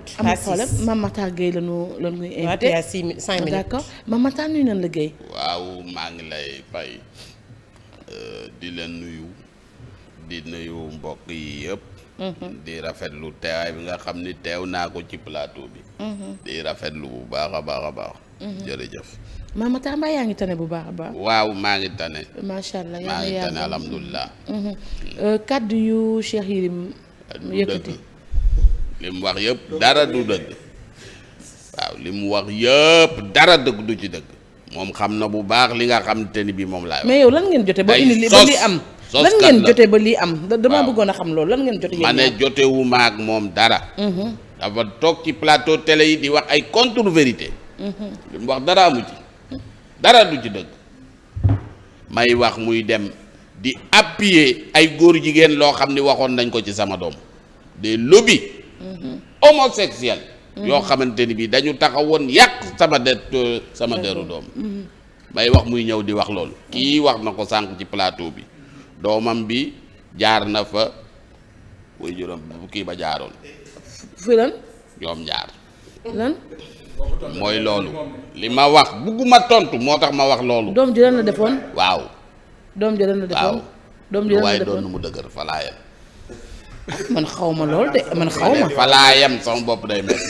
amul problème Mame Matar Gueye la ñu la ñuy invité waaw cinq la Gueye waaw maa ngi lay fay euh, di leen nuyu di nuyu mbokk yi yëpp. Mm-hmm. di rafetlu teewaay bi nga xam ni teew naa ko ci plateau bi. Mm-hmm. di rafetlu bu baax a baax a baax. Mm-hmm. jërëjëf. Mame Matar Mbaye yaa ngi tane bu baax a baax. waaw maa ngi tane. macha allah yaa ngi tane alhamdulilah. Mm. Euh, kaddu yu Cheikh Yérim yëkkati. li mu wax yëpp dara du dëgg waaw li mu wax yëpp dara dëgg du ci dëgg moom xam na bu baax li nga xam te ni bii moom laay wax. mais yow lan ngeen jotee ba indi li ba am lan ngeen jotee ba lii am dama bëggoon a xam loolu lan ngeen jotee. ma ne jotewu ma ak moom dara. Mm-hmm. dafa toog ci plateau télé yi di wax ay contre vérité. Mm-hmm. wax dara amu dara du ci dëgg may wax muy dem. di appuyer ay góor jigéen loo xam ni waxoon nañ ko ci sama doom des lobby Mm-hmm. homosexuel mm-hmm. yoo xamante ni bi dañu taxawoon yàq sama der euh, sama deru doom bay mm-hmm. wax muy ñëw di wax loolu kii wax na ko sànq ci plateau bi doomam bi jaar na fa way kii ba jaaroon fi lan ñoom mooy loolu li ma wax bugguma tontu moo tax ma wax loolu doom ji lan la defoon waaw doom ji lan la defoon doom ji lan la defoon waaye doon na mu dëgër fa laa yem man xaw ma lool de man xaw ma. sama bopp day metti.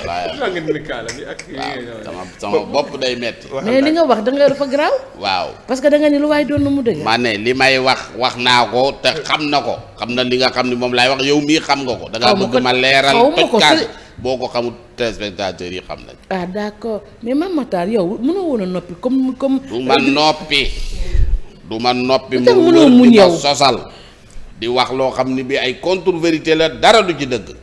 falaa yem waaw sama sama bopp day metti. mais li nga wax da dafa garaaw. waaw parce que danga nga ni lu waay doon na mu dëgg. ma ne li may wax wax naa ko te xam na ko xam na li nga xam ni moom laay wax yow mii xam nga ko. da ngaa bëgg ma leeral toj boo ko xamul téléspectateurs yi xam nañ. ah d'accord mais Mame Matar yow mënoo woon a noppi comme comme. du ma noppi. du ma noppi. mu wër di ma sosal. di wax loo xam ni bi ay contre vérité la dara du ci dëgg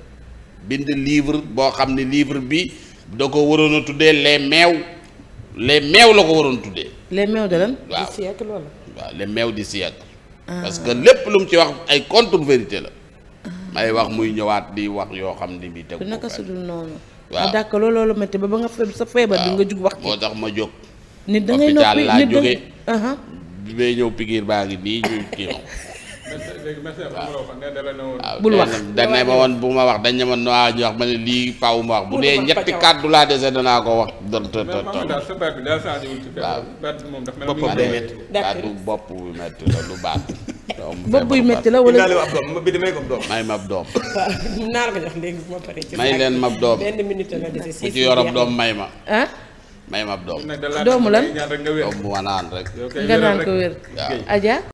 bind livre boo xam ni livre bi da ko waroon a tuddee les meew les meew la ko waroon tuddee. les meew de lan. waaw du siècle wala. waaw meew di siècle. Ah. parce que lépp lu mu ci wax ay contre vérité la. may wax muy ñëwaat di wax yoo xam ni bi tegu naka su dul noonu. waaw ah, d'accord loolu loolu métti ba ba nga sa feebar bi nga jug wax. moo tax ma jóg. nit da ngay noppi nit da ngay hôpital laa jógee. bi may ñëw pikiir baa ngi nii waaw ah, bul wax dañ ne ma woon bu ma wax dañ ne ma noa ñu wax ma ne lii faaw ma wax bu dee ñetti kàddu laa dese danaa ko wax do to to waaw baatu bopp bu métti la lu baat bopp buy métti la wala may doom may leen mab doom ku ci yorob doom may ma may mab doom doomu lan doom ma naan rek nga naan ko wér waaw